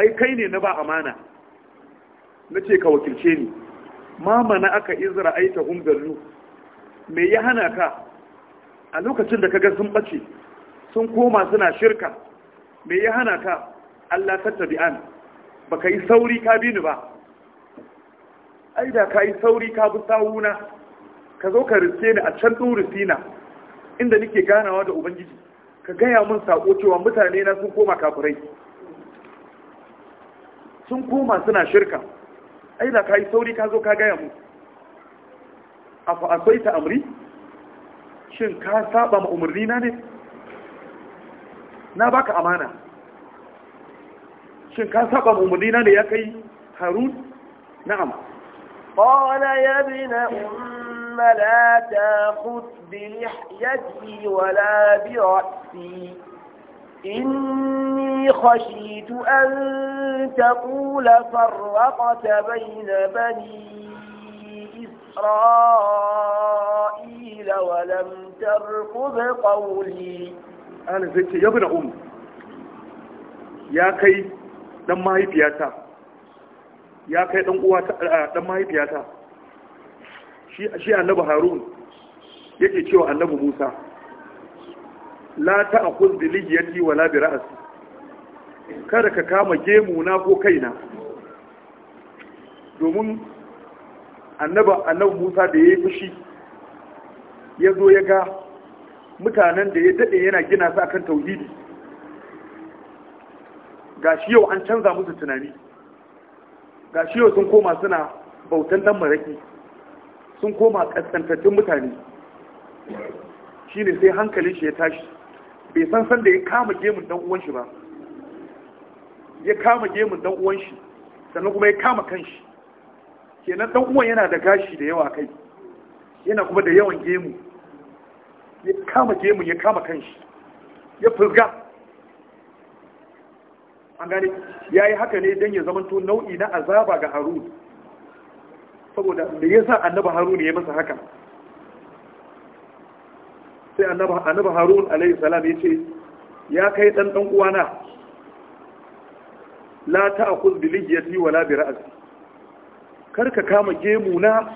A: أي كيني نبع أمانة نتيك وكلشيني ما منعك إذ رأيتهم ضلوا me ya hana ka a lokacin da kaga sun bace sun koma suna shirka me ya hana ka Allah an. Ba ka yi sauri ka bi ni ba ai da ka yi sauri ka bi sawuna ka zo ka riske ni a can ɗuri sina inda nake ganawa da ubangiji ka gaya min sako cewa mutane na sun koma kafirai sun koma suna shirka ai da ka yi sauri ka zo ka gaya mu a fa'asaita amri shin ka saba ma umarni na ne na baka amana shin ka saba mummudina ne ya kai harun na'am
B: qala ya bina umma la takhud bi lihyati wala bi ra'si إني خشيت أن تقول فرقت بين بني إسرائيل ولم ترقب قولي ƙalin sai ce yabi na
A: umu ya kai ɗan mahaifiyata ya kai ɗan uwa ta ɗan mahaifiyata shi annabi harun yake cewa annabi musa la ta a kuzbili yaki wala bi kada ka kama gemu na ko kaina domin annabi musa da ya yi fushi ya zo ya ga mutanen da ya daɗe yana gina su akan tauhidi ga shi yau an canza musu tunani ga shi yau sun koma suna bautan dan maraki sun koma ƙasƙantattun mutane shi ne sai hankalin shi ya tashi bai san san da ya kama gemun dan uwan shi ba ya kama gemun dan uwan shi sannan kuma ya kama kanshi kenan dan uwan yana da gashi da yawa kai yana kuma da yawan gemu ya kama gemu ya kama kanshi ya fulga an gane ya yi haka ne don ya zamanto nau'i na azaba ga harun saboda da ya sa annaba harun ya masa haka sai annaba harun alaihi salam ya ce ya kai ɗan ɗan uwana la ta akul biliyyati wala bi ra'asi karka kama na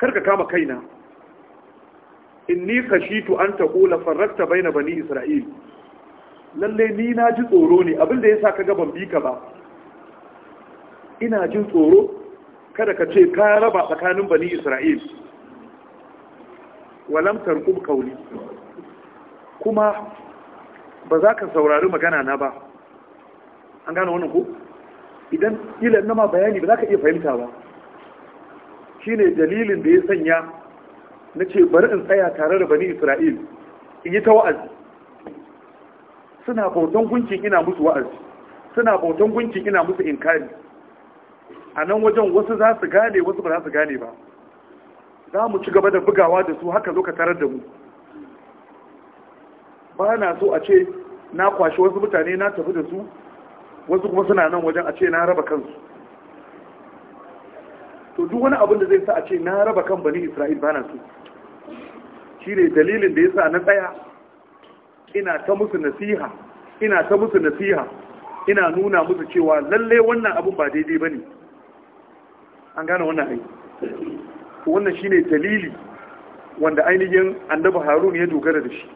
A: karka kama kaina inni kashitu an taqula bai baina bani isra'il lalle ni na ji tsoro ne abin da yasa kaga ban bi ka ba ina jin tsoro kada ka ce ka raba tsakanin bani isra'il walam tarqub qawli kuma ba za ka saurari magana na ba an gane wannan ko idan ilan nama bayani ba za ka iya fahimta ba shine dalilin da ya sanya na ce bari in tsaya tare da bani isra'il in yi ta wa'azi suna bautan gunkin ina musu wa'azi suna bautan gunkin ina musu inkari a nan wajen wasu za su gane wasu ba za su gane ba za mu ci gaba da bugawa da su haka zo ka tarar da mu ba na so a ce na kwashe wasu mutane na tafi da su wasu kuma suna nan wajen a ce na raba kansu to duk wani abin da zai sa a ce na raba kan bani isra'il ba na so shine dalilin da yasa na tsaya ina ta musu nasiha ina ta musu nasiha ina nuna musu cewa lalle wannan abun ba daidai bane an gane wannan ai wannan shine dalili wanda ainihin annabi harun ya dogara da shi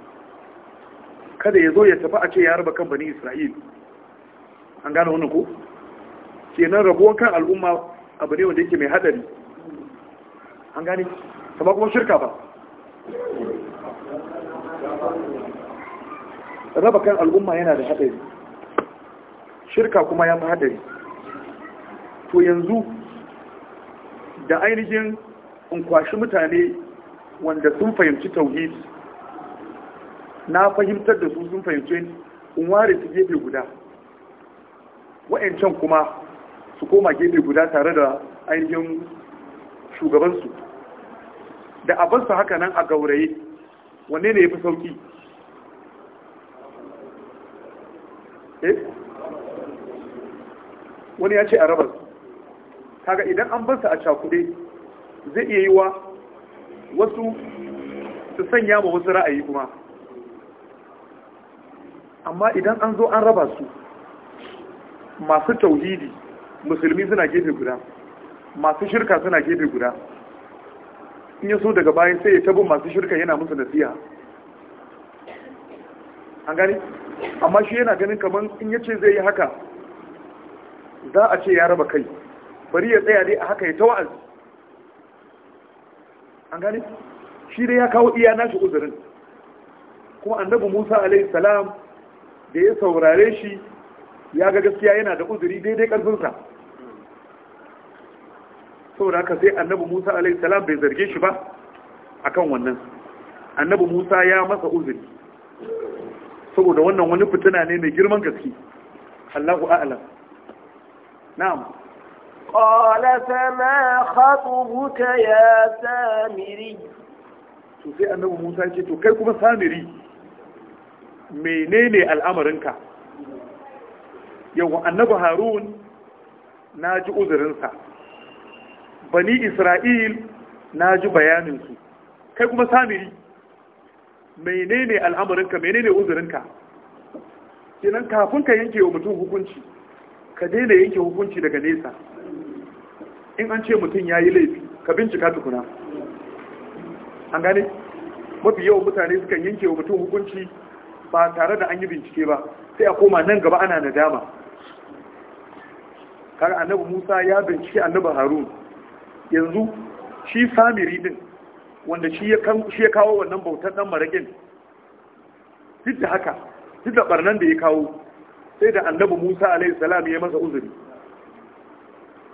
A: kada ya zo ya tafi a ce ya raba kan bani isra'il an gane wannan ko kenan rabuwan kan al'umma abu ne wanda yake mai hadari an gane sama kuma shirka ba raba kan al'umma yana da haɗari shirka kuma ya fi haɗari to yanzu da ainihin in kwashi mutane wanda sun fahimci tauhid na fahimtar da su sun fahimci in ware su gefe guda wa'ancan kuma su koma gefe guda tare da ainihin shugabansu da abin sa haka nan a gauraye wanne ne yafi sauki eh? wani ya ce a rabar kaga idan an bar sa a cakude zai iya yi wa wasu su sanya ma wasu ra'ayi kuma amma idan an zo an raba su masu tauhidi musulmi suna gefe guda masu shirka suna gefe guda in ya so daga bayan sai ya tabo masu shirka yana musu nasiya an gani amma shi yana ganin kamar in yace zai yi haka za a ce ya raba kai bari ya tsaya dai a haka ya ta wa'azi an gani shi dai ya kawo iya nashi uzurin kuma annabi musa alaihi salam da ya saurare shi ya ga gaskiya yana da uzuri daidai karfinsa saboda haka sai annabi Musa alaihi salam bai zarge shi ba akan wannan annabi Musa ya masa uzuri saboda wannan wani fitina ne mai girman gaske Allahu a'lam na'am
B: qala fama khatubuka ya samiri
A: to sai annabi Musa ya ce to kai kuma samiri menene al'amarinka Yau annabi Harun na ji uzurinsa bani isra'il na ji bayaninsu kai kuma samiri menene al'amuranka, menene uzurinka kenan kafin ka yanke wa mutum hukunci ka daina yanke hukunci daga nesa in an ce mutum ya yi laifi ka bincika tukuna an gane mafi yawan mutane sukan yanke wa mutum hukunci ba tare da an yi bincike ba sai a koma nan gaba ana nadama kaga annabi musa ya bincike annabi harun yanzu shi samiri din wanda shi ya kawo wannan bautar dan maragin duk da haka duk da barnan da ya kawo sai da annabi musa alaihi salam ya masa uzuri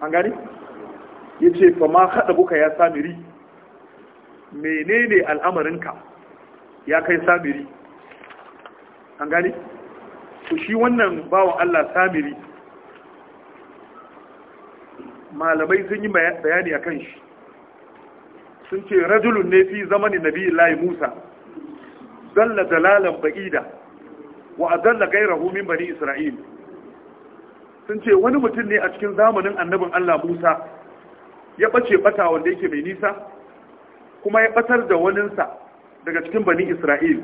A: an gani ya ce fa ma haɗa buka ya samiri menene al'amarinka ya kai samiri an gani ku shi wannan bawa allah samiri malamai sun yi bayani a kan shi sun ce rajulun ne fi zamanin nabi layi musa zalla dalalan ba'ida wa a zalla gairahu min bani isra'il sun ce wani mutum ne a cikin zamanin annabin allah musa ya ɓace ɓata wanda yake mai nisa kuma ya ɓatar da waninsa daga cikin bani isra'il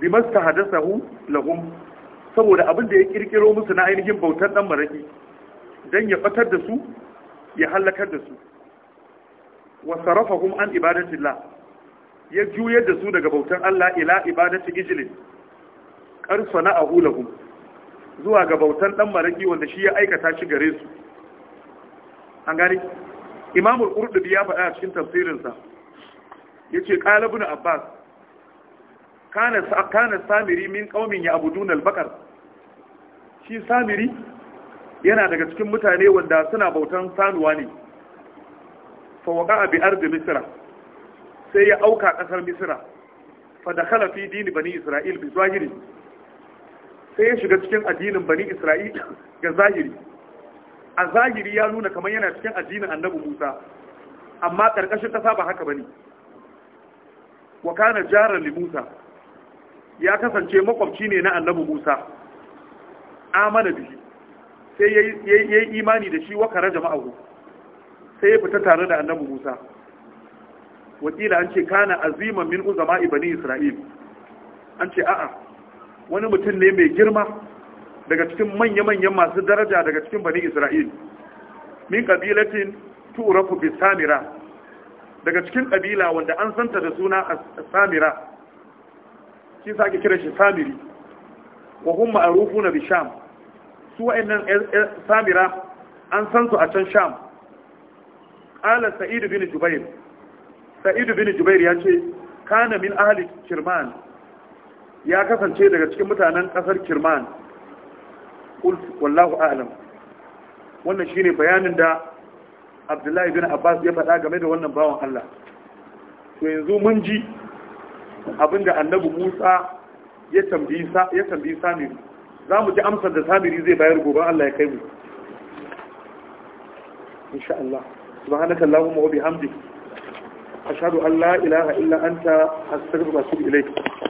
A: bimasta hu lahum saboda abin da ya ƙirƙiro musu na ainihin bautar ɗan maraki don ya batar da su ya halakar da su wasarafahum an ibadatillah ya juyar da su daga bautar Allah ila ibadati ijlin na ahulahum zuwa ga bautan dan maraki wanda shi ya aikata shi gare su an gani Imam al ya faɗa a cikin tafsirin sa yace qala Abbas kana kana samiri min ya abu al-baqar shi samiri yana daga cikin mutane wanda suna bautan sanuwa ne fawaka a biyar da misira sai ya auka ƙasar misira fadakala fi dini bani isra'il bi zahiri sai ya shiga cikin addinin bani isra'il ga zahiri a zahiri ya nuna kamar yana cikin addinin annabi musa amma karkashin ƙasa ba haka ba ne wa kana jaran li musa ya kasance makwabci ne na annabi musa amana bihi sai ya yi imani da shi wakara jama'ahu sai ya fita tare da annabi musa wakila an ce kana aziman min uzama ibani isra'il an ce a'a wani mutum ne mai girma daga cikin manya-manyan masu daraja daga cikin bani isra'il min kabilatin turafu bi samira daga cikin kabila wanda an santa da suna samira shi sake kira shi samiri wa ma'arufu na bi sham su wa'annan samira an san su a can sham Ƙalar sa'idu bin jubair sa'idu bin jubair ya ce kana min ahli kirman ya kasance daga cikin mutanen ƙasar kirman wallahu alam wannan shine bayanin da abdullahi bin abbas ya faɗa game da wannan bawan allah to yanzu mun ji abinda annabi musa ya tambayi samiri za mu ji amsar da samiri zai bayar gobe Allah ya kai mu insha Allah subhanaka allahumma wa bihamdika ashhadu an la ilaha illa anta astaghfiruka wa atubu ilayk